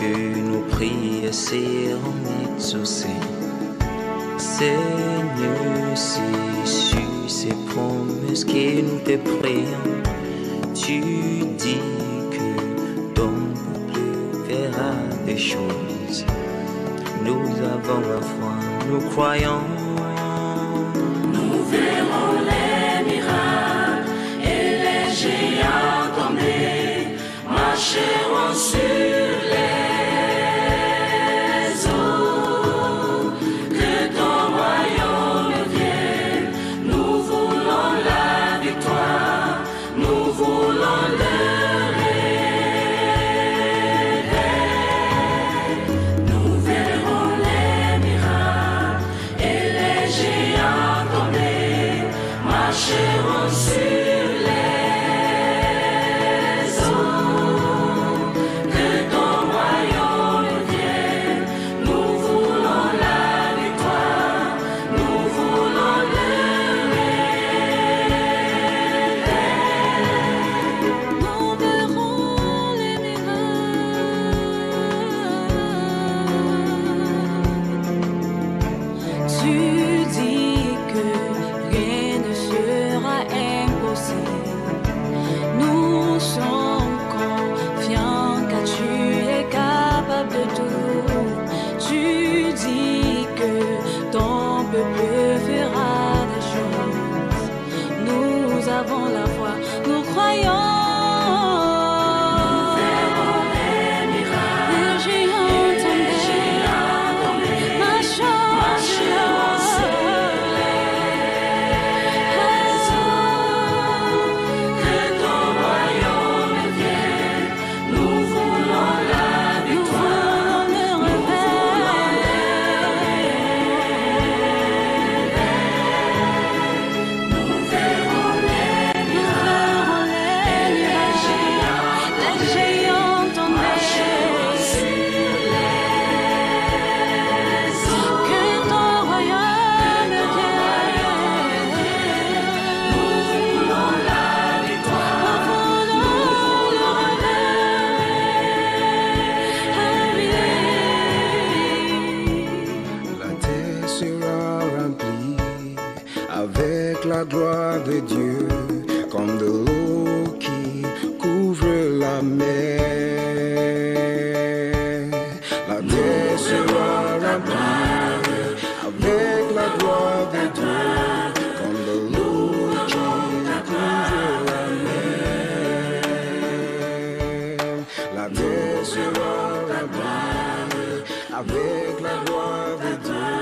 que nous prions, en exaucé. Seigneur, c'est sur ces promesses que nous te prions. Tu dis que ton peuple verra des choses. Nous avons la foi, nous croyons. Nous verrons les miracles et les géants ma chère. Hallelujah. avec la gloire de Dieu, comme de l'eau qui couvre la mer. La terre sera gloire, avec la gloire de Dieu, comme de l'eau qui couvre la mer. La terre sera gloire, avec la gloire de Dieu.